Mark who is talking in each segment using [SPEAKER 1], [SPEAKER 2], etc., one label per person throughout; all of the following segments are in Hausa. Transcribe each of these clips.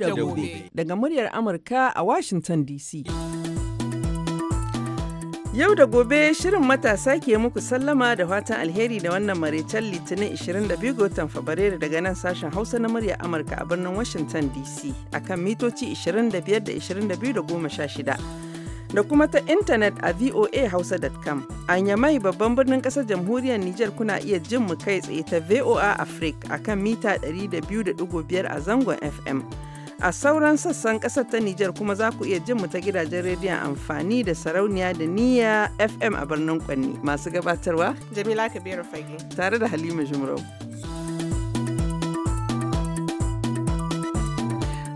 [SPEAKER 1] da gobe daga muryar Amurka a Washington DC. Yau da gobe shirin matasa ke muku sallama da fatan alheri da wannan maraicen litinin 22 ga watan Fabrairu daga nan sashen Hausa na muryar Amurka a birnin Washington DC kan mitoci 25 da 22 da 16. Da kuma ta intanet a voahausa.com. A Yamai babban birnin kasar jamhuriyar Nijar kuna iya jin mu kai tsaye ta VOA Africa akan mita 102.5 a zangon FM. A sauran sassan ƙasar ta Nijar kuma za ku iya jin mu ta gidajen rediyon amfani da sarauniya da niyya FM a birnin Kwanni. Masu gabatarwa? Jamila Kabiru Fage. Tare da Halima Jumrau.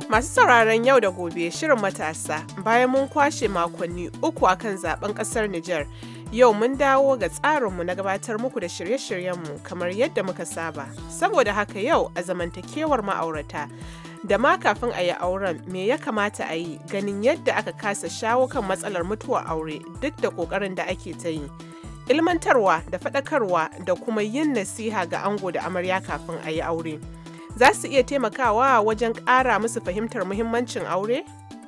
[SPEAKER 1] Masu sauraron
[SPEAKER 2] yau da gobe shirin matasa bayan mun kwashe makonni uku akan zaben kasar Nijar. Yau mun dawo ga tsarinmu na gabatar muku da shirye-shiryenmu kamar yadda muka saba. Saboda haka yau a zamantakewar ma'aurata da ma kafin a yi auren me ya kamata a yi ganin yadda aka kasa shawo kan matsalar mutuwar aure duk da ƙoƙarin da ake ta yi ilmantarwa da faɗakarwa da kuma yin nasiha ga ango da amarya kafin a yi aure za su iya taimakawa wajen ƙara musu fahimtar muhimmancin
[SPEAKER 3] aure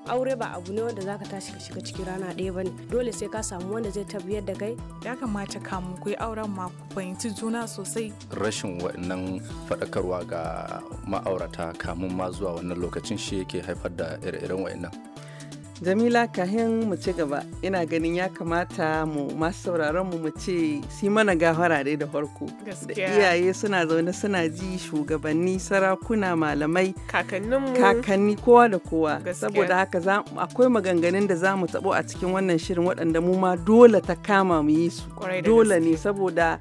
[SPEAKER 3] aure ba abu ne wanda zaka tashi ka shiga cikin rana ɗaya bane dole sai ka samu wanda zai tabbiyar da kai ya kamata kamun ku yi auren ma ku fahimci juna sosai
[SPEAKER 4] rashin waɗannan faɗakarwa ga ma'aurata kamun ma zuwa wannan lokacin shi yake haifar da ire-iren waɗannan
[SPEAKER 1] Jamila kahin mu ci gaba ina ganin ya kamata mu masu sauraron mu ce si mana gafara dai da farko. Da iyaye suna zaune suna ji shugabanni sarakuna malamai mu kakanni kowa da kowa saboda haka akwai maganganun da za mu tabo a cikin wannan shirin waɗanda mu ma dole ta kama mu yi su dole ne saboda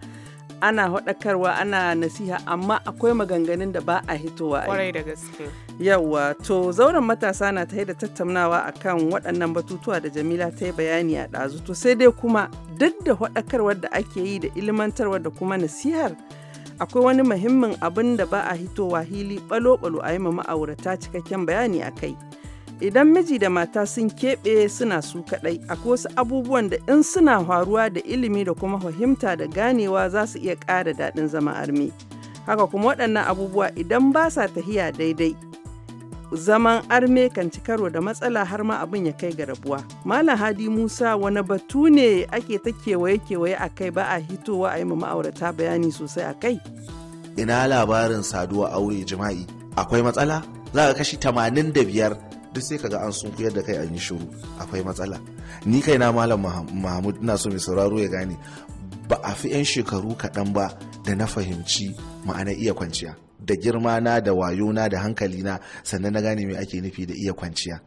[SPEAKER 1] ana haɗakarwa ana nasiha amma akwai maganganun da ba a hitowa a da gaske yawa to zauren matasa na ta da tattaunawa akan waɗannan batutuwa da jamila ta yi bayani a ɗazu to sai dai kuma duk da haɗakarwar da ake yi da ilmantarwar da kuma nasihar akwai wani muhimmin abin da ba a hitowa hili balo-balo a yi ma ma'aurata cikakken bayani a kai idan miji da mata sun keɓe suna su kaɗai akwai wasu abubuwan da in suna faruwa da ilimi da kuma fahimta da ganewa za su iya ƙara daɗin zama armi haka kuma waɗannan abubuwa idan ba sa tahiya daidai zaman arme kan ci karo da matsala har ma abin ya kai ga rabuwa malam hadi musa wani batu ne ake ta kewaye kewaye a kai ba a hitowa a yi ma ma'aurata bayani sosai a kai
[SPEAKER 5] ina labarin saduwa aure jima'i akwai matsala za ka kashi 85 duk sai kaga an sun kuyar da kai an yi shiru akwai matsala ni kai na malam mahmud ina so mai sauraro ya gane ba a fi 'yan shekaru kaɗan ba da na fahimci ma'ana iya kwanciya da girma na da wayo na da hankali na sannan na gane me ake nufi da iya kwanciya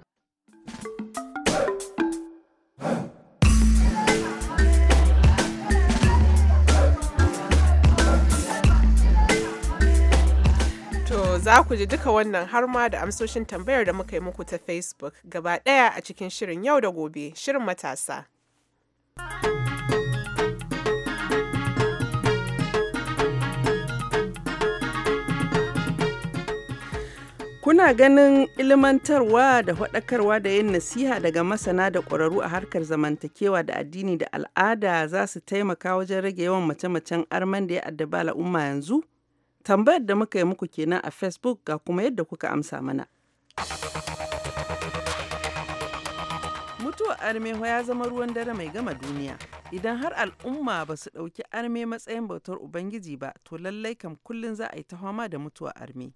[SPEAKER 2] Za ku ji duka wannan har ma da amsoshin tambayar da muka yi muku ta Facebook gaba ɗaya a cikin shirin yau da gobe, shirin matasa.
[SPEAKER 1] Kuna ganin ilmantarwa da faɗakarwa da yin nasiha daga masana da ƙwararru a harkar zamantakewa da addini da al'ada za su taimaka wajen rage yawan mace-macen arman da ya addaba al'umma yanzu? Tambayar da muka yi muku kenan a Facebook ga kuma yadda kuka amsa mana. Mutuwar Armeho ya zama ruwan dare mai gama duniya. Idan har al'umma ba su ɗauki arme matsayin bautar Ubangiji ba, to lallai kam kullum za a yi ta fama da mutuwa arme.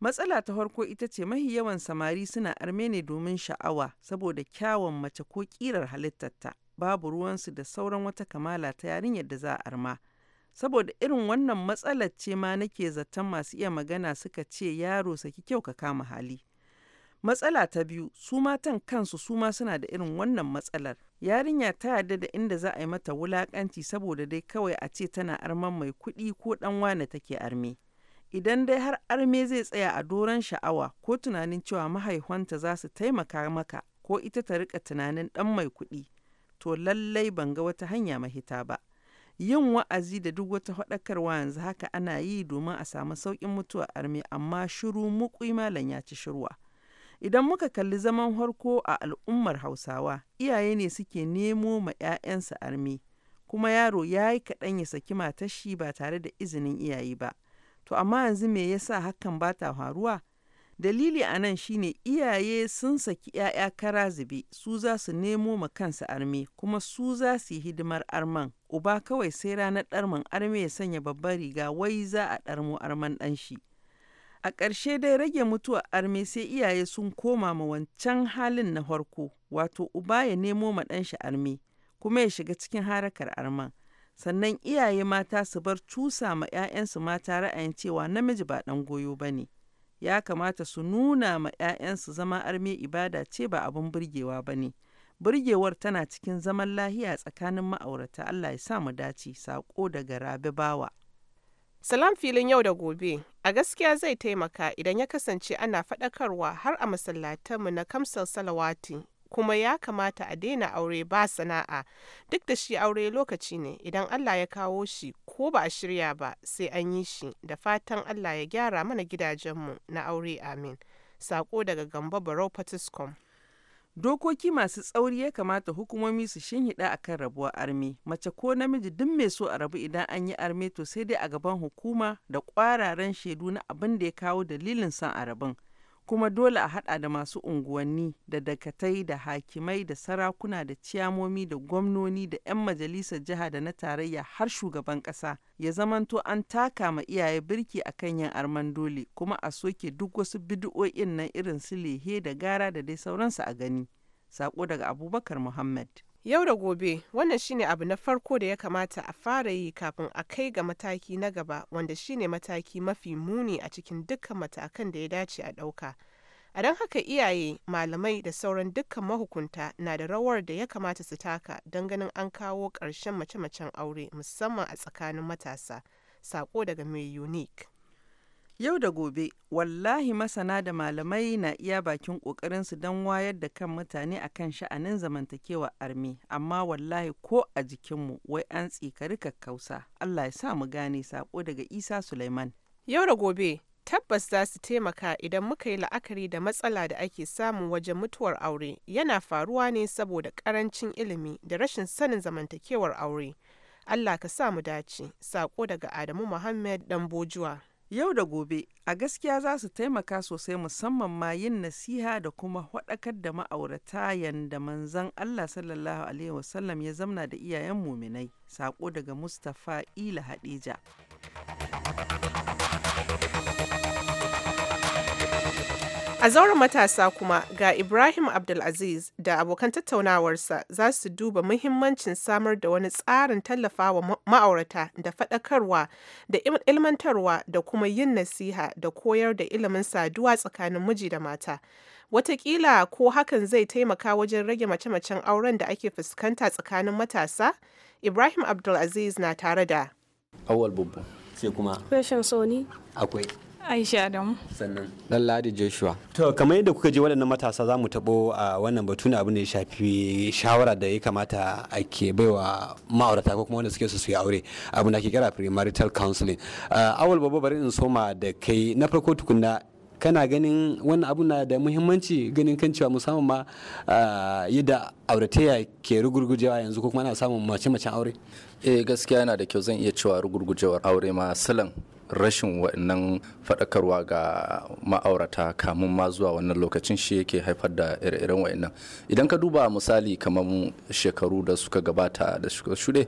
[SPEAKER 1] Matsala ta farko ita ce mahi yawan samari suna arme ne domin sha'awa saboda kyawun mace ko ƙirar halittarta, babu ruwansu da sauran wata kamala ta yarinyar da za a arma. Saboda irin wannan matsalar ce ma nake zaton masu iya magana suka ce yaro saki kyau ka kama hali. Matsala ta biyu, su matan kansu su ma suna da irin wannan matsalar. Yarinya ta yarda da inda za a yi mata wulakanci saboda dai kawai a ce tana arman mai kuɗi ko ɗan wane take arme. Idan dai har arme zai tsaya a doron sha'awa ko tunanin cewa mahaifanta za su taimaka maka ko ita ta rika tunanin ɗan mai kuɗi, to lallai ban ga wata hanya mahita ba. yin wa'azi da duk wata faɗakarwa yanzu haka ana yi domin a samu sauƙin mutuwa armi amma shiru muƙwi malam ya ci shirwa idan muka kalli zaman harko a al'ummar hausawa iyaye ne suke nemo ma 'ya'yansa armi kuma yaro ya yi kaɗan ya saki matashi ba tare da izinin iyaye ba to amma yanzu me yasa hakan ba ta faruwa Dalili a nan shine iyaye sun saki 'ya'ya kara zube, su za su nemo ma kansu arme, kuma su za su yi hidimar arman, uba kawai sai ranar ɗarman arme ya sanya babbar riga wai za a ɗarmo arman ɗan shi. A ƙarshe dai rage mutuwar arme sai iyaye sun koma ma wancan halin na farko, wato uba ya nemo ma ɗan shi arme, kuma ya shiga cikin harakar arman. Sannan iyaye mata su bar cusa ma 'ya'yansu mata ra'ayin cewa namiji ba ɗan goyo ba ne. ya kamata su nuna ma 'ya'yansu zama arme ibada ce ba abin burgewa ba ne. Burgewar tana cikin zaman lahiya tsakanin ma'aurata Allah ya sa mu dace sako daga rabe Bawa. Salam filin yau da
[SPEAKER 2] gobe, a gaskiya zai taimaka idan ya kasance ana faɗakarwa har a masallatanmu na kamsar salawati kuma ya kamata a daina aure ba sana'a duk da shi aure lokaci ne idan Allah ya kawo shi ko ba a shirya ba sai an yi shi da fatan Allah ya gyara mana gidajenmu na aure amin sako daga gamba barau
[SPEAKER 1] patiscom dokoki masu tsauri ya kamata hukumomi su shinhiɗa a kan rabuwar armi mace ko namiji duk mai so a rabu idan an yi arme to sai dai a gaban hukuma da kwararen shaidu na abin da ya kawo dalilin son a rabin kuma dole a haɗa da masu unguwanni da dakatai da hakimai da sarakuna da ciyamomi da gwamnoni da 'yan majalisar jiha da na tarayya har shugaban ƙasa ya zamanto an taka ma iyaye birki a kan yin arman dole kuma a soke duk wasu bidi'o'in nan irin su lehe da gara da dai sauransu a gani. Sako daga Abubakar Muhammad. Yau da gobe wannan shine
[SPEAKER 2] abu na farko da ya kamata a fara yi kafin a kai ga mataki na gaba wanda shine mataki mafi muni a cikin dukkan matakan da ya dace a ɗauka. A don haka iyaye, malamai da sauran dukkan mahukunta na da rawar da ya kamata su taka don ganin an kawo ƙarshen mace-macen aure musamman a tsakanin matasa. Sako daga mai unique.
[SPEAKER 1] Yau da gobe, wallahi masana da malamai na iya bakin su don wayar da kan mutane akan sha'anin zamantakewa armi, amma wallahi ko a jikinmu wai an tsikari kakkausa. Allah ya sa mu gane sako daga Isa Sulaiman.
[SPEAKER 2] Yau da gobe, tabbas za su taimaka idan muka yi la'akari da matsala da ake samu wajen mutuwar aure yana faruwa ne saboda ƙarancin ilimi da rashin sanin zamantakewar aure. Allah ka sa mu dace, Saƙo daga Adamu Muhammad bojuwa
[SPEAKER 1] Yau da gobe a gaskiya za su taimaka sosai musamman ma yin nasiha da kuma hadakar da ma'aurata yanda manzan Allah sallallahu Alaihi wasallam ya zamna da iyayen muminai. Sako daga Mustapha Ila Hadija. A zauren
[SPEAKER 2] matasa kuma ga Ibrahim Abdulaziz da abokan tattaunawarsa za su duba muhimmancin samar da wani tsarin tallafawa ma'aurata da faɗakarwa da ilmantarwa da kuma yin nasiha da koyar da ilimin saduwa tsakanin miji da mata. Wataƙila ko hakan zai taimaka wajen rage mace-macen auren da ake fuskanta tsakanin matasa? Ibrahim Abdulaziz na tare da.
[SPEAKER 6] Awal Bubba. Sai kuma.
[SPEAKER 2] Sony.
[SPEAKER 6] Akwai.
[SPEAKER 7] Aisha Adamu.
[SPEAKER 6] Sannan. Lalladi Joshua. To kamar yadda kuka je waɗannan matasa za mu taɓo a wannan batu na abu da shafi shawara da ya kamata ake baiwa ma'aurata ko kuma wanda suke su yi aure abu da ake kira premarital counseling. Awal babba bari in soma da kai na farko tukunna kana ganin wannan abu na da muhimmanci ganin kan
[SPEAKER 4] cewa musamman ma yadda auratayya ke rugurgujewa yanzu ko kuma ana samun mace-macen aure eh gaskiya yana da kyau zan iya cewa rugurgujewar aure ma salan rashin waɗannan faɗakarwa ga ma'aurata kamun ma zuwa wannan lokacin shi yake haifar da ire-iren waɗannan idan ka duba misali kamar shekaru da suka gabata da shuɗe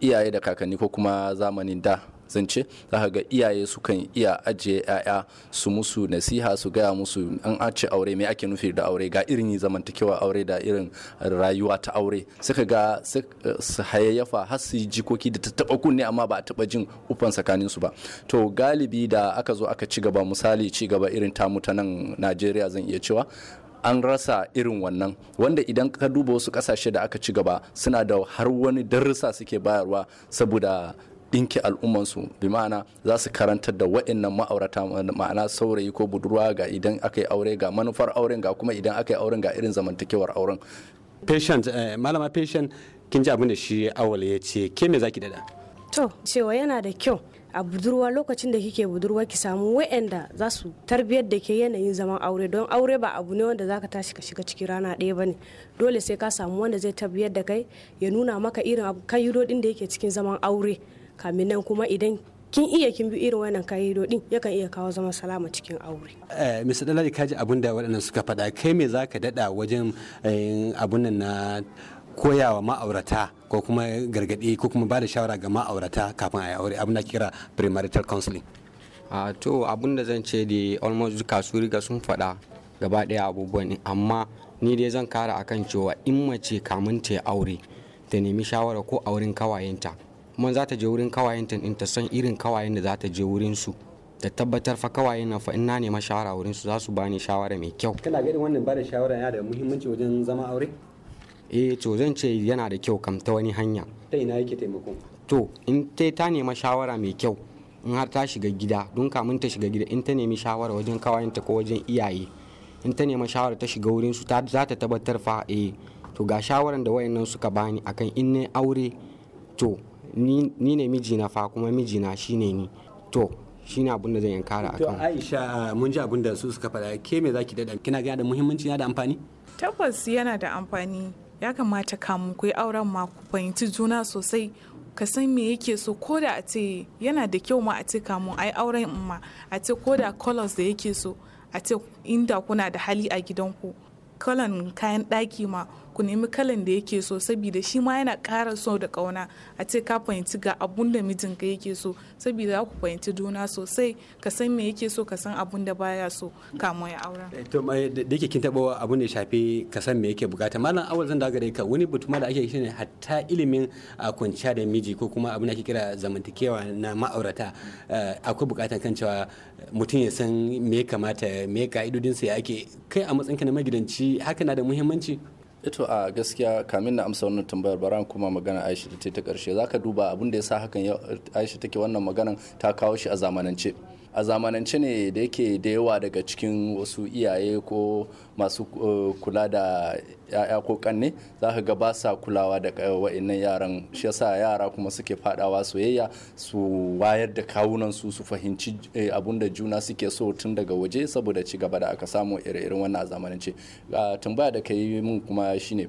[SPEAKER 4] iyaye da kakanni ko kuma zamanin da zance za ga iyaye sukan iya ajiye 'ya'ya su musu nasiha su gaya musu an ace aure mai ake nufi da aure ga irin zamantakewa aure da irin rayuwa ta aure suka ga eh, su hayayyafa har su jikoki da ta kunne amma ba a taba jin ufan tsakanin su ba to galibi da aka zo aka ci gaba misali ci gaba irin ta nan Najeriya zan iya cewa an rasa irin wannan wanda idan ka duba wasu kasashe da aka ci gaba suna da har wani darussa suke bayarwa saboda dinki al'ummansu bi ma'ana za su karantar da wa'annan ma'aurata ma'ana saurayi ko budurwa ga idan aka yi aure ga manufar auren ga kuma idan aka yi auren ga irin zamantakewar auren
[SPEAKER 6] patient eh, malama patient kin ji abin
[SPEAKER 4] da shi awal
[SPEAKER 6] ya ce ke me zaki dada
[SPEAKER 3] to cewa yana da kyau a budurwa lokacin da kike budurwa ki samu wa'anda za su tarbiyyar da ke yanayin zaman aure don aure ba abu ne wanda zaka tashi ka shiga ciki rana ɗaya bane dole sai ka samu wanda zai tarbiyyar da kai ya nuna maka irin kayyudodin da yake cikin zaman aure kamin nan kuma idan kin iya kin bi irin wannan ka'idodin yakan iya kawo zaman salama cikin aure.
[SPEAKER 6] Eh, Mr. Dalali kaji abin da waɗannan suka faɗa kai me za ka daɗa wajen eh, abun nan na koyawa ma'aurata ko kuma
[SPEAKER 8] gargaɗi ko kuma ba da shawara ga ma'aurata kafin a yi aure abin da kira premarital counseling. a ah, to abin da zan ce da almost duka su riga sun faɗa gaba ɗaya abubuwan amma ni dai zan kara akan cewa in mace kamun ta aure ta nemi shawara ko auren kawayenta kuma za ta je wurin ta in ta san irin kawayen da za ta je wurin su da tabbatar fa kawayen na fa ina ne shawara wurin su za su bani shawara mai kyau
[SPEAKER 6] kana ganin wannan bada shawara yana da muhimmanci wajen zama aure
[SPEAKER 8] eh to zan ce yana da kyau kam ta wani hanya ta
[SPEAKER 6] ina yake taimako
[SPEAKER 8] to in ta ta nema shawara mai kyau in har ta shiga gida don kamun ta shiga gida in ta nemi shawara wajen ta ko wajen iyaye in ta nema shawara ta shiga wurin su za ta tabbatar fa eh to ga shawaran da wayannan suka bani akan in ne aure to ni ne mijina fa kuma mijina ne ni to shi ne abinda zan yi kara akan to
[SPEAKER 6] Aisha mun ji abinda su suka faɗa ke me zaki da kina ga da muhimmanci yana da amfani
[SPEAKER 7] tabbas yana da amfani ya kamata kamun ku yi auren ma ku fahimci juna sosai ka san me yake so ko da a ce yana da kyau ma a ce kamun ai auren ma a ce ko da colors da yake so a ce inda kuna da hali a gidanku kolon kayan ɗaki ma ku nemi kalan da yake so saboda shi ma yana ƙara so da ƙauna a ce ka fahimci ga abun da mijinka yake so saboda za ku fahimci juna sosai ka san me yake so ka san abun da baya so kamo ya aura
[SPEAKER 6] eh, to da yake kin taba abun da ya shafi ka san me yake bukata malam awal zan daga dai ka wani butuma da ake shine hatta ilimin kwanciya da miji ko kuma abin da ake kira zamantakewa na ma'aurata eh, akwai bukatan kan cewa
[SPEAKER 4] mutum ya san me kamata me ka'idodinsa ya ake kai a matsayinka na magidanci haka na da muhimmanci ito eh a gaskiya kamin na amsa wannan tambayar baran kuma magana aisha ta ta karshe zaka duba abin da ya sa hakan aisha take wannan maganan ta kawo shi a zamanance a zamanance ne da yake da yawa daga cikin wasu iyaye ko masu eh, kula da ya'ya ko kanne za ka ga ba sa kulawa da eh, wa'annan yaran shi yasa yara kuma suke fadawa soyayya su wayar da kawunan su su fahimci eh, abun da juna suke so tun daga waje saboda ci gaba da aka samu ire-iren wannan a zamanance tambaya da ka yi min kuma shine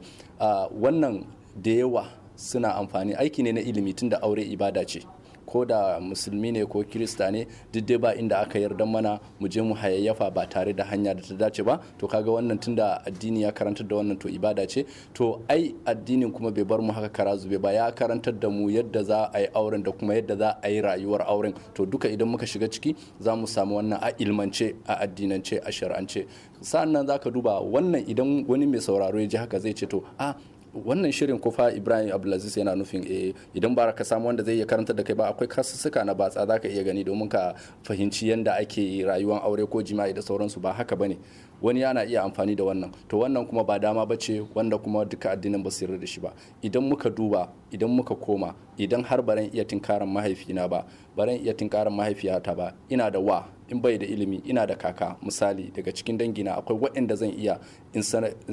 [SPEAKER 4] wannan da yawa suna amfani aiki ne na ilimi tun da aure ibada ce ko da musulmi ne ko kirista ne duk dai ba inda aka yarda mana mu je mu hayayyafa ba tare da hanya da ta dace ba to kaga wannan tunda addini ya karantar da wannan to ibada ce to ai addinin kuma bai bar mu haka kara zube ba ya karantar da mu yadda za a yi auren da kuma yadda za a yi rayuwar auren to duka idan muka shiga ciki za mu samu wannan a ilmance a addinance a shar'ance sa'an nan za ka duba wannan idan wani mai sauraro ya ji haka zai ce to a ah, wannan shirin kufa ibrahim abdulaziz yana nufin eh idan ba ka samu wanda zai iya karanta da kai ba akwai kasussuka na batsa za ka iya gani domin ka fahimci yadda ake rayuwar aure ko jima'i da sauransu ba haka ba ne. wani yana iya amfani da wannan to wannan kuma ba dama ba ce wanda kuma duka addinin ba su da shi ba idan muka duba idan muka koma idan har baran iya tinkaran mahaifina ba baran iya tinkaran mahaifiyata ba ina da wa in bai da ilimi ina da kaka misali daga cikin dangina akwai waɗanda zan iya in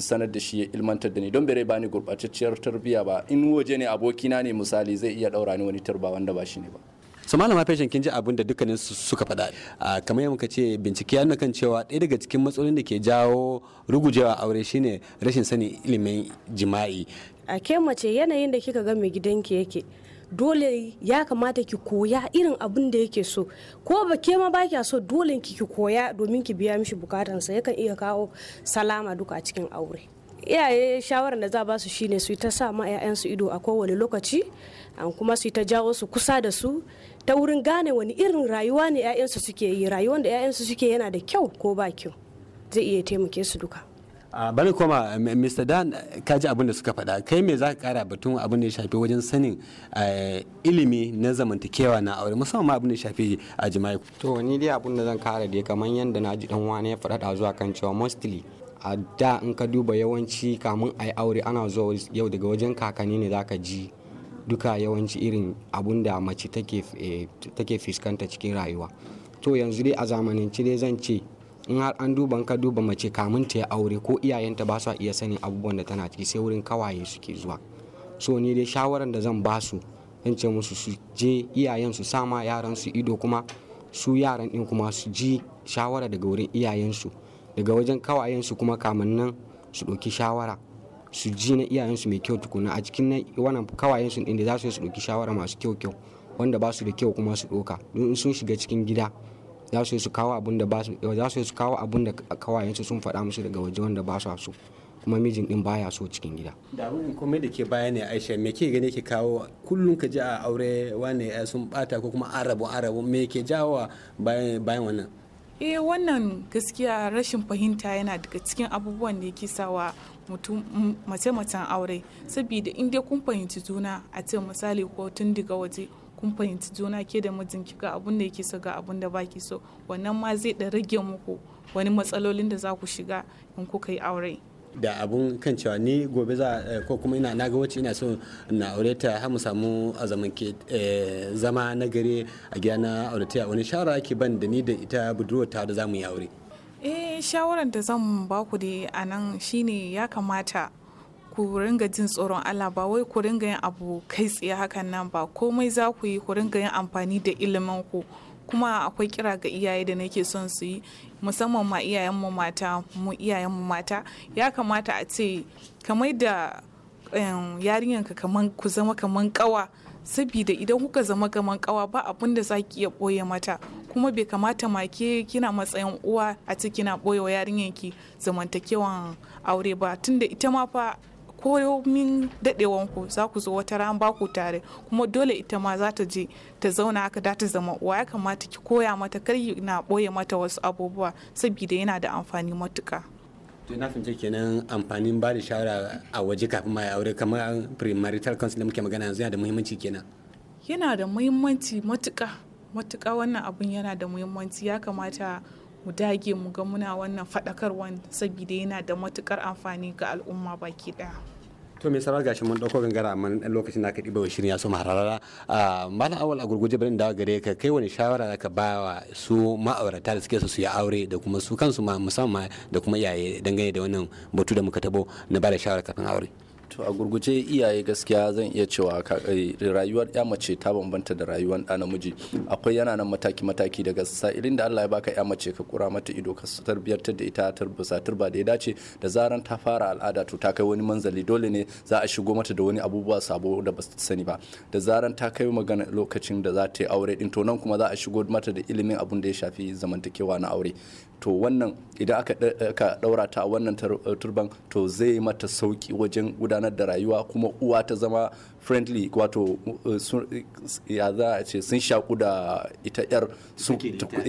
[SPEAKER 4] sanar da shi ya ilmantar da ni don bere bani gurɓatacciyar tarbiyya ba in waje ne abokina ne misali zai iya ɗaura ni wani tarba wanda ba shi ne ba
[SPEAKER 6] so malama fashion kin ji abin da dukkanin suka faɗa ah, kamar yadda muka ce bincike ya nuna kan cewa ɗaya daga cikin matsalolin da ke jawo rugujewa aure shine rashin sanin ilimin jima'i
[SPEAKER 3] a ke mace yanayin da kika ga mai ki yake dole ya kamata ki koya irin abin da yake so ko ba ke ma ba kya so dole ki koya domin ki biya mishi bukatansa yakan iya kawo salama duka a cikin aure iyaye shawarar da za ba su shine su yi ta sa ma 'ya'yansu ido a kowane lokaci an kuma su yi ta jawo su kusa da su ta wurin gane wani irin rayuwa ne 'ya'yansu suke yi rayuwar da 'ya'yansu suke yana da kyau ko ba kyau zai iya taimake su duka
[SPEAKER 6] bari koma eh, mr dan kaji abin da suka faɗa kai me za ka kara batun abin da ya shafi wajen sanin eh, ilimi na zamantakewa na aure musamman abin da ya shafi a jima'i to ni dai
[SPEAKER 8] abin da zan kara dai kamar yadda na ji dan wani ya faɗaɗa zuwa kan cewa mostly a da in ka duba yawanci kamun a yi aure ana zuwa yau daga wajen kakanni ne za ka ji duka yawanci irin abun da mace take eh, fuskanta cikin rayuwa to yanzu dai a zamanance dai zan ce in har an duba ka duba mace kamun ta ya aure ko iyayenta ba su iya sanin abubuwan da tana ciki sai wurin kawaye suke zuwa so ni dai shawaran da zan ba su zan ce musu su je iyayen su sama yaran su ido kuma su yaran din kuma su ji shawara daga wurin iyayensu daga wajen kawayensu kuma kamun nan su ɗauki shawara su ji na iyayensu mai kyau tukuna a cikin na wannan kawayensu inda za su su ɗauki shawara masu kyau kyau wanda ba su da kyau kuma su ɗauka don sun shiga cikin gida za su su kawo abin da ba su za su su kawo abin da kawayensu sun faɗa musu daga waje wanda ba su so kuma mijin din baya so cikin gida
[SPEAKER 6] da abin komai da ke baya ne Aisha me ke gane ke kawo kullum ka ji a aure wane sun bata ko kuma arabu arabu me ke jawo bayan bayan wannan
[SPEAKER 7] eh wannan gaskiya rashin fahimta yana daga cikin abubuwan da yake sawa mutum mace-macen aure saboda in dai kun fahimci juna a ce misali ko tun daga waje kun fahimci juna ke da mijinki ga abun da yake so ga abun da baki so wannan ma zai da rage muku wani matsalolin da za ku shiga in kuka yi aure
[SPEAKER 6] da abun kan cewa ni gobe za eh, ko kuma ina ga wacce ina so na aure ta har mu samu a zaman ke eh, zama na gare a gida na aure ta wani shawara ake ban da ni da ita budurwar ta da za mu yi aure
[SPEAKER 7] eh shawarar da zan ba ku dai a nan shine ya kamata ku ringa jin tsoron Allah ba wai ku ringa yin abu kai tsaye hakan nan ba komai za ku yi ku ringa yin amfani da ilimin ku kuma akwai kira ga iyaye da nake son su yi musamman ma iyayen mu mata mu iyayen mu mata ya kamata a ce kamar da ka kaman ku zama kaman kawa saboda idan kuka zama kaman kawa ba abin da za ki iya boye mata kuma bai kamata ma ke kina matsayin uwa a ce kina boye wa ki zamantakewan aure ba tunda ita ma fa ko min ku za ku zo wata ran ba ku tare kuma dole ita ma za ta je ta zauna haka da ta zama wa ya kamata ki koya mata kar na boye mata wasu abubuwa saboda yana da amfani matuka
[SPEAKER 6] to na fahimci kenan amfanin ba da shawara a waje kafin ma ya aure kamar primarital council da muke magana yanzu yana da muhimmanci kenan
[SPEAKER 7] yana da muhimmanci matuka matuka wannan abun yana da muhimmanci ya kamata mu dage mu ga muna wannan faɗakarwan saboda yana da matukar amfani ga al'umma baki ɗaya.
[SPEAKER 6] to mai sarar gashi mun dauko gangara amma dan lokacin da aka diba wa shirin ya so maharara malam awal a gurguje bari dawo gare ka kai wani shawara zaka bawa su ma'aurata da suke so su yi aure da kuma su kansu musamman da kuma iyaye dangane da wannan batu da muka
[SPEAKER 4] tabo na bada da shawara kafin aure to a gurguje iyaye gaskiya zan iya cewa eh, rayuwar ya mace ta bambanta da rayuwar da namiji akwai yana nan mataki mataki daga sa'ilin da Allah ya baka ya mace ka kura mata ido ka ta da ita ta tarbusa turba da ya dace da zaran ta fara al'ada to ta kai wani manzali dole ne za a shigo mata da wani abubuwa sabo da ba su sani ba da zaran ta kai magana lokacin da za ta yi aure din to nan kuma za a shigo mata da ilimin abun da ya shafi zamantakewa na aure to wannan idan aka daura ta wannan turban to zai mata sauki wajen gudanar da rayuwa kuma uwa ta zama friendly wato uh, ya ce sun shaku da ita yar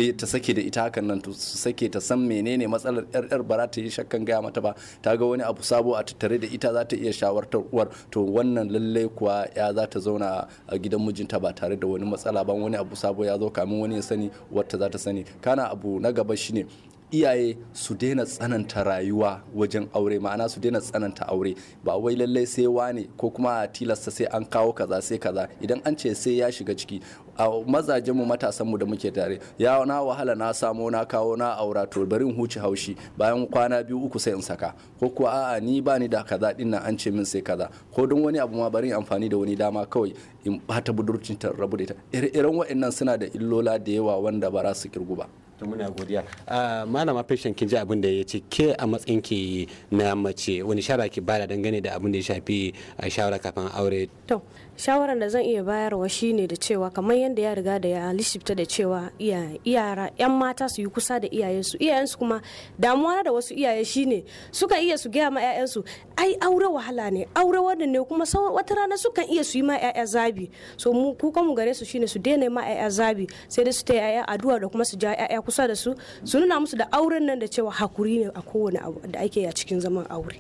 [SPEAKER 4] eh, ta sake da ita hakan nan su sake ta san menene matsalar yar yar ba za ta yi shakkan gaya mata ba ta ga wani abu sabo a tattare da ita za ta iya shawartar uwar to wannan lallai kuwa ya za ta zauna a gidan mijinta ba tare da wani matsala ba wani abu sabo ya zo kamin wani ya sani wata za ta sani kana abu na gaba shine iyaye su daina tsananta rayuwa wajen aure ma'ana su daina tsananta aure ba wai lallai sai wane ko kuma a tilasta sai an kawo kaza sai kaza idan an ce sai ya shiga ciki a mazajen mu matasan mu da muke tare ya na wahala na samo na kawo na aura to bari in haushi bayan kwana biyu uku sai in saka ko kuwa a'a ni ba da kaza din nan an ce min sai kaza ko don wani abu ma bari amfani da wani dama kawai in bata budurcin ta rabu da ita ire-iren waɗannan suna da illola da yawa wanda ba za su kirgu ba muna
[SPEAKER 3] godiya
[SPEAKER 6] ah, malama fashion kin ji abin da ya ce ke a matsayin ki na mace wani shara ki bada dangane da abin da ya shafi a ah, shawara kafin aure
[SPEAKER 3] to shawaran da zan iya bayarwa shine da cewa kamar yadda ya riga da ya lishifta da cewa Iyara, yan mata su yi kusa da iyayensu iyayensu kuma damuwa da wasu iyaye shine sukan iya su gaya ma 'ya'yansu ai aure wahala ne aure wanda ne kuma wata rana sukan iya su yi ma 'ya'ya zabi so mu kukan mu gare su shine su daina ma 'ya'ya zabi sai dai su ta 'ya'ya addu'a da kuma su ja 'ya'ya kusa da su su nuna musu da auren nan da cewa hakuri ne a kowane abu da ake a cikin zaman aure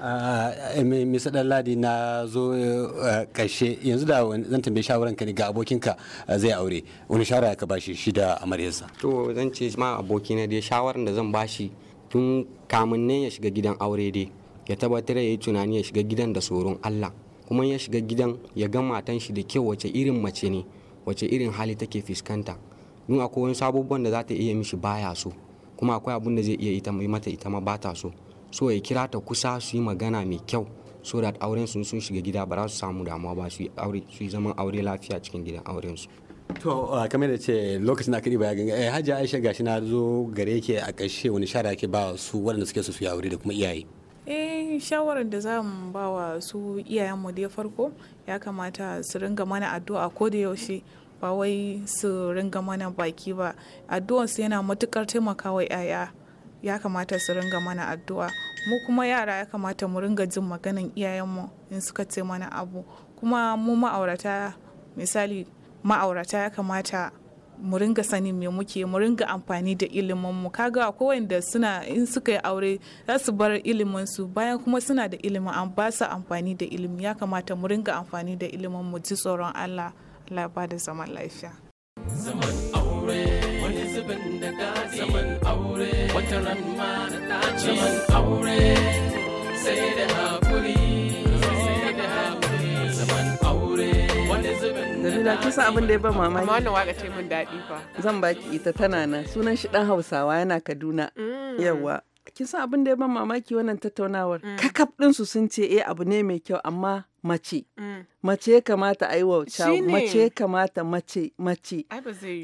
[SPEAKER 6] ah, eh, Mr. Ladi na zo ƙarshe eh, yanzu da zan tambaye shawaran ka ne ga abokinka eh, zai aure wani shawara ka bashi shi da amaryarsa. To zan
[SPEAKER 8] ce ma abokina dai shawaran da zan bashi tun kamun ne ya shiga gidan aure dai ya tabbatar ya yi tunani ya shiga gidan da tsoron Allah kuma ya shiga gidan ya ga matan shi da kyau wace irin mace ne wace irin hali take fuskanta in akwai wani sabubban da za ta iya mishi baya so kuma akwai abin da zai iya ita mata ita ma bata so so ya kira ta kusa su yi magana mai kyau so da auren sun sun shiga gida ba za su samu damuwa ba su yi aure su yi zaman aure lafiya cikin gidan auren su
[SPEAKER 6] to ah, kamar da ce lokacin da kadi ya ganga eh hajji aisha gashi na zo gare ke a ƙarshe wani shara ke ba su waɗanda suke su su yi aure da kuma iyaye
[SPEAKER 3] eh
[SPEAKER 7] shawarar da za mu ba wa su iyayenmu da farko ya kamata su ringa mana addu'a ko da yaushe ba wai su ringa mana baki ba su yana matukar taimakawa 'ya'ya ya kamata su ringa mana addu'a mu kuma yara ya kamata mu ringa jin maganin iyayenmu in suka ce mana abu kuma mu ma'aurata misali ma'aurata ya kamata mu ringa sanin me muke mu ringa amfani da ilimin mu kaga akwai wanda suna in suka yi aure za su bar ilimin su bayan kuma suna da ilimin an ba su amfani da ilimi ya kamata mu ringa amfani da ilimin mu ji tsoron Allah Laba da zaman lafiya.
[SPEAKER 8] Zaman aure wani abin da
[SPEAKER 6] ya
[SPEAKER 1] ba mamaki. Amma wannan waka ce mun daɗi fa. Zan baki ita tana nan sunan shi ɗan Hausawa yana Kaduna. Mm. Yawwa. kin san abin da ya ban mamaki wannan tattaunawar mm. kakaf su sun ce eh abu ne mai kyau amma mace mm. mace ya kamata a yi wa mace ya kamata mace mace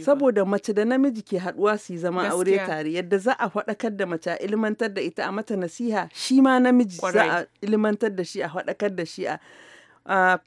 [SPEAKER 1] saboda mace da namiji ke haɗuwa su yi zama aure tare yadda za a faɗakar da mace a ilmantar da ita a mata nasiha shi ma namiji za a ilmantar da shi a faɗakar da shi a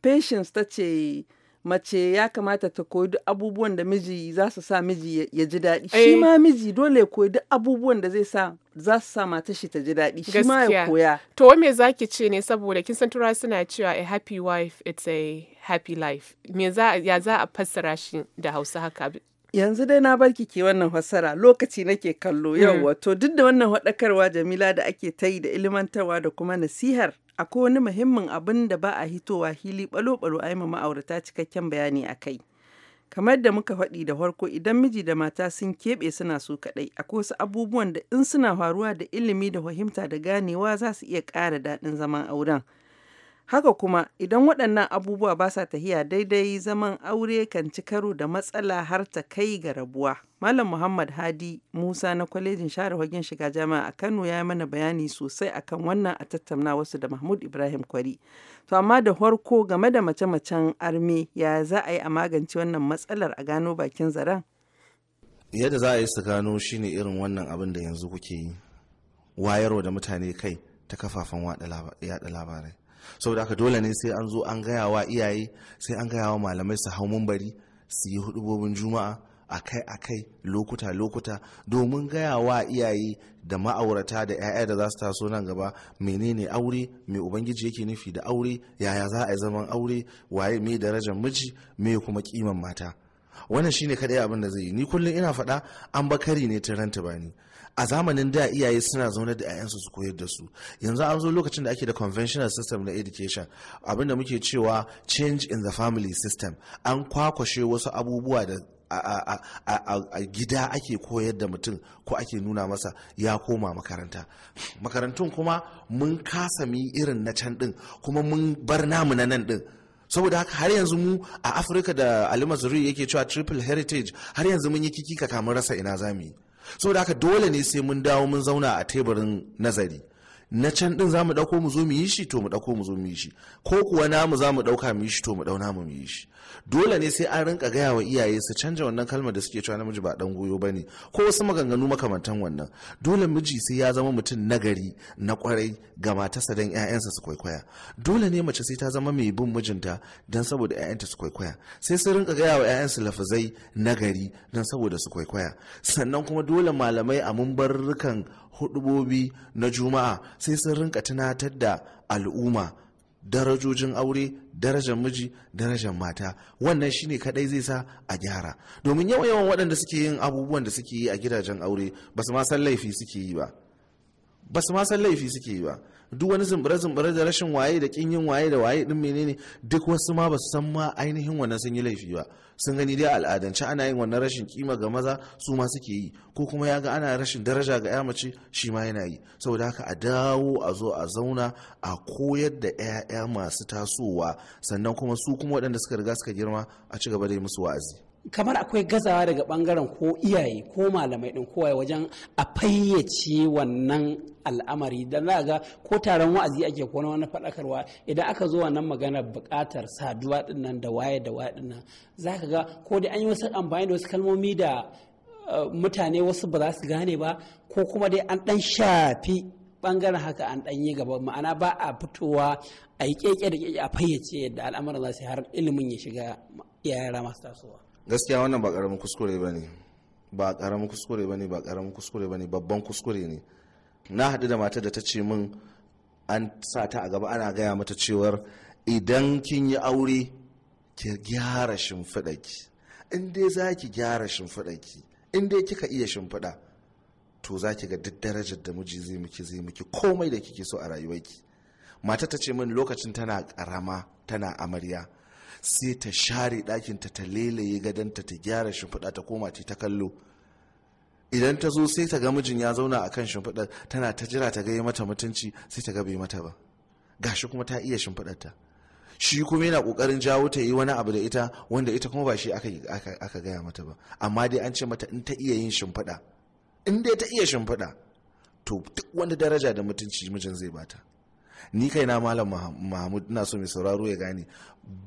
[SPEAKER 1] patience ta ce mace ya kamata ta koyi duk abubuwan da miji za su sa miji ya ji daɗi shi eh. ma miji dole ya koyi duk abubuwan da zai sa za su sa mata shi ta ji daɗi shi ma ya koya to me
[SPEAKER 2] zaki ce ne saboda kin san turawa suna cewa a happy wife it's a happy life me za ya za a fassara shi da Hausa haka
[SPEAKER 1] yanzu dai na barki ke wannan fassara lokaci nake kallo hmm. yau wato duk da wannan haɗakarwa Jamila da ake ta yi da ilmantarwa da kuma nasihar akwai wani muhimmin abin da ba a hitowa hili balo-balo a yi ma'aurata cikakken bayani a kai. Kamar da muka faɗi da farko idan miji da mata sun keɓe suna so kaɗai, akwai wasu abubuwan da in suna faruwa da ilimi da fahimta da ganewa za su iya ƙara daɗin zaman auren. Haka kuma idan waɗannan abubuwa ba sa tahiya daidai zaman aure kan ci karo da matsala har ta kai ga rabuwa. Malam Muhammad Hadi Musa na kwalejin share hagen shiga jami'a a Kano ya yi mana bayani sosai akan wannan a tattauna wasu da Mahmud Ibrahim Kwari. To amma da farko game da mace-macen arme ya za a yi a magance wannan matsalar a gano bakin zaren?
[SPEAKER 5] Yadda za a yi su gano shine irin wannan abin da yanzu kuke yi. Wayarwa da mutane kai ta kafafen yada labarai. saboda haka dole ne sai an zo an gaya wa iyaye sai an gaya wa malamai su hau mumbari su yi hudubobin juma'a a kai-a kai a kai lokuta-lokuta domin gaya wa iyaye da ma'aurata da 'ya'ya da za su taso nan gaba menene aure mai ubangiji yake nufi da aure yaya za a yi zaman aure waye me darajar miji me kuma kiman mata wannan shine kadai abin da zai yi ni kullum ina faɗa an bakari ne ta ranta bani a zamanin da iyaye suna zaune da 'ya'yansu su koyar da su yanzu an zo lokacin da ake da conventional system na education abinda muke cewa change in the family system an kwakwashe wasu abubuwa da a gida ake koyar da mutum ko ake nuna masa ya koma makaranta makarantun kuma mun kasa mi irin na can din kuma mun bar namu na nan din saboda haka har yanzu mu a afirka da alimazuri yake cewa triple heritage har yanzu mun yi kiki ka kamun rasa ina zamu yi saboda haka dole ne sai mun dawo mun zauna a teburin nazari na can din za mu ɗauko mu zo mu yi shi to mu ɗauko mu zo mu yi shi ko kuwa namu za mu ɗauka mu yi shi to mu ɗau mu yi shi dole ne sai an rinka gaya wa iyaye su canja wannan kalmar da suke cewa namiji ba dan goyo bane ko wasu maganganu makamantan wannan dole miji sai ya zama mutum nagari na kwarai ga matarsa dan ƴaƴansa su kwaikwaya dole ne mace sai ta zama mai bin mijinta dan saboda ƴaƴanta su kwaikwaya sai su rinka gaya wa ƴaƴansu lafazai nagari dan saboda su kwaikwaya sannan kuma dole malamai a mumbarrukan hudubobi na juma'a sai sun rinka tunatar da al'umma darajojin aure darajar miji darajar mata wannan shine kadai zai sa a gyara domin yawan yawan waɗanda suke yin abubuwan da suke yi a gidajen aure ba su ma san laifi suke yi ba ba su ma san laifi suke yi ba duk wani zumbure-zumbure da rashin waye da kin yin waye da waye din menene duk wasu ma ba su san ma ainihin wannan sun yi laifi ba sun gani dai al'adance ana yin wannan rashin kima ga maza su ma suke yi ko kuma ya ga ana rashin daraja ga ya mace shi ma yana yi saboda haka a dawo a zo a zauna a koyar da 'ya'ya masu tasowa sannan kuma su kuma waɗanda suka riga suka girma a ci gaba da yi musu wa'azi
[SPEAKER 6] kamar akwai gazawa daga bangaren ko iyaye ko malamai din kowa wajen a fayyace wannan al'amari da za ga ko taron wa'azi ake ko wani faɗakarwa idan aka zo wannan magana buƙatar saduwa din nan da waye da waye din nan za ka ga ko dai an yi wasu amfani da wasu kalmomi da eh, mutane wasu ba za su gane ba ko kuma dai an ɗan shafi bangaren haka an ɗan yi gaba ma'ana ba a fitowa a yi keke da keke a fayyace yadda al'amarin za su har ilimin ya shiga yara masu tasowa
[SPEAKER 5] gaskiya wannan ba karamin kuskure ba ne ba karamin kuskure ba ne ba karamin kuskure ba ne babban kuskure ne na haɗu da matar da ta ce min an sa ta a gaba ana gaya mata cewar idan kin yi aure ki gyara shimfiɗa in dai za ki gyara shimfiɗaki in dai kika iya shimfiɗa to za ki ga duk darajar da miji zai miki zai miki komai da kike so a rayuwarki mata ta ce min lokacin tana karama tana amarya sai ta share ɗakinta ta lelaye gadonta ta gyara shimfiɗa ta koma ta kallo idan ta zo sai ta ga mijin ya zauna akan shimfiɗa tana ta jira ta gaya mata mutunci sai ta ga mata ba gashi kuma ta iya shimfiɗarta shi kuma yana kokarin jawo ta yi wani abu da ita wanda ita kuma ba shi aka, gaya mata ba amma dai an ce mata in ta iya yin shimfiɗa in dai ta iya shimfiɗa to duk wani daraja da mutunci mijin zai bata ni kai na malam mahmud ina so mai sauraro ya gane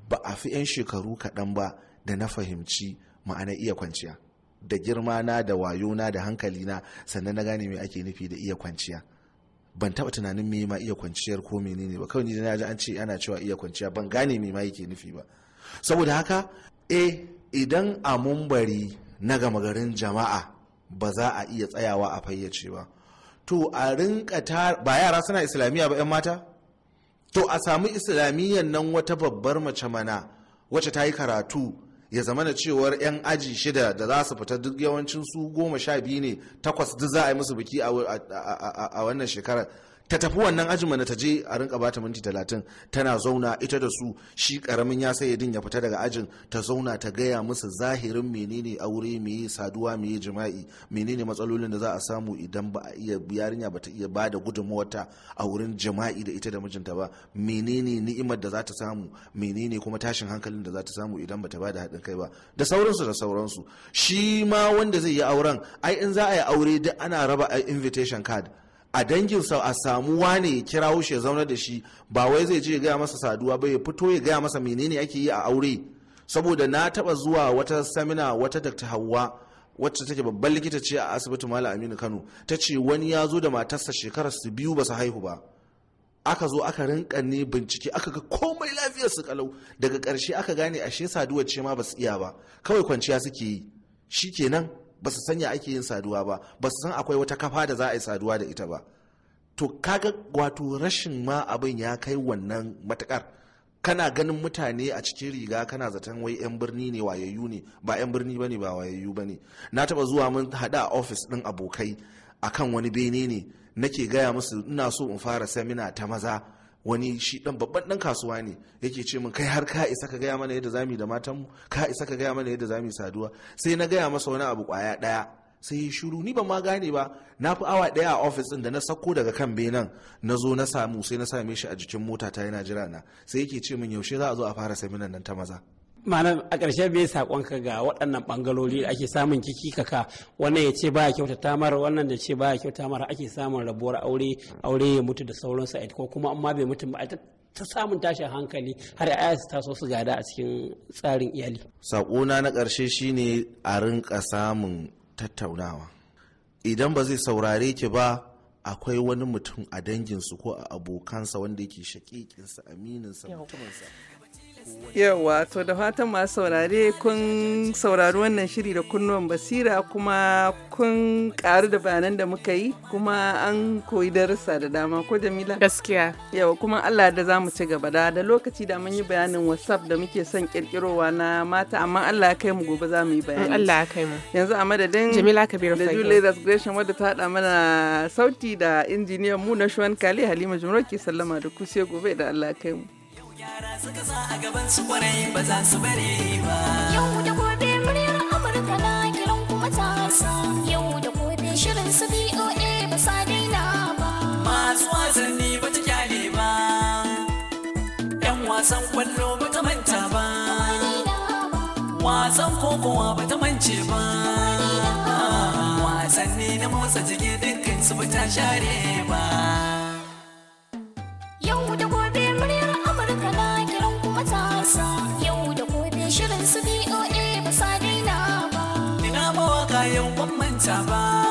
[SPEAKER 5] ba a fi 'yan shekaru kaɗan ba da na fahimci ma'ana iya kwanciya da girma na da wayo na, da hankali na, sannan na gane me ake nufi da iya kwanciya ban taba tunanin me ma iya kwanciyar ko menene ba kawai ni na ji an ce ana cewa iya kwanciya ban gane me ma yake nufi ba saboda haka eh idan a mumbari na gama garin jama'a ba za a iya tsayawa a fayyace ba to a rinka ba yara suna islamiyya ba 'yan mata to a samu islamiyyar nan wata babbar mace mana wacce ta yi karatu ya zama na cewar 'yan aji shida da za su fita duk yawancin su goma sha biyu ne takwas duk za a yi musu biki a wannan shekarar ta tafi wannan ajimana ta je a rinka bata minti talatin tana zauna ita da su shi karamin ya sai din ya fita daga ajin ta zauna ta gaya musu zahirin menene aure meye saduwa meye jima'i menene matsalolin da za a samu idan ba a iya yarinya ba ta iya ba da gudunmawarta a wurin jima'i da ita da mijinta ba menene ni'imar da za ta samu menene kuma tashin hankalin da za ta samu idan ba ta ba da haɗin kai ba da sauransu da sauransu shi ma wanda zai yi auren ai in za a yi aure duk ana raba invitation card a danginsa a samu wane ya kira shi ya zauna da shi ba wai zai je ya gaya masa saduwa ba ya fito ya gaya masa menene ake yi a aure saboda na taba zuwa wata samina wata dr hawa wacce take babban likita ce a asibitin malam aminu kano ta ce wani ya zo da matarsa shekarar su biyu ba su haihu ba aka zo aka rinka ne bincike aka ga komai lafiyar su kalau daga karshe aka gane ashe saduwa ce ma ba su iya ba kawai kwanciya suke yi Shi shikenan ba su sanya ake yin saduwa ba ba su san akwai wata kafa da za a yi saduwa da ita ba to kaga wato rashin ma abin ya kai wannan matakar kana ganin mutane a cikin riga kana zaton wai 'yan birni ne wayayyu ne ba 'yan birni ba ne ba wayayyu ba na taba zuwa mun hada a ofis ɗin abokai akan wani bene ne nake gaya musu ina so in fara samina ta maza wani shi dan babban dan kasuwa ne yake ce min kai har ka isa ka gaya mana yadda zamu da matan mu ka isa ka gaya mana yadda zamu saduwa sai na gaya masa wani abu kwaya daya sai ya shiru ni ban ma gane ba na fi awa daya a ofis din da na sako daga kan benan na zo na samu sai na same shi a jikin mota ta yana jira na sai yake ce min yaushe za a zo a fara seminar nan ta maza
[SPEAKER 1] ma'ana a
[SPEAKER 6] ƙarshe bai saƙonka ga waɗannan ɓangarori da ake samun kiki kaka wannan ya ce ba ya kyauta tamar wannan da ce ba ya kyauta mara ake samun rabuwar aure aure ya mutu da sauransu a ko kuma amma bai mutu ba ta samun tashin hankali har ya ta so su gada a cikin tsarin iyali.
[SPEAKER 5] Saƙona na ƙarshe shine a rinƙa samun tattaunawa. Idan ba zai saurare ki ba akwai wani mutum a danginsu ko a abokansa wanda yake shakikinsa amininsa mutuminsa. Yawa, to da fatan masu
[SPEAKER 1] saurare kun saurari wannan shiri da kunnuwan basira kuma kun karu da bayanan da muka yi kuma an koyi darussa da dama ko Jamila? Gaskiya. Yawa kuma Allah da za mu ci gaba da da lokaci da mun yi bayanin WhatsApp da muke son kirkirowa na mata amma Allah ya kai mu gobe za mu yi bayani. Allah ya kai mu. Yanzu a madadin Jamila Kabiru da Julie Gresham wadda ta haɗa mana sauti da injiniyan mu na shuwan Kale Halima Jumroki sallama da ku sai gobe da Allah ya kai mu. Yara suka sa a gaban su kwarai ba za su bare ba.
[SPEAKER 3] Yau da gobe muryar Amurka na kiran kuma matasa. Yau da gobe shirin su BOA ba sa daina ba.
[SPEAKER 4] Masu wasanni ba ta kyale ba.
[SPEAKER 1] Yan wasan kwallo ba ta manta ba. Wasan kokowa ba ta mance ba. Wasanni na motsa jiki dukkan su ba ta share ba. Sabah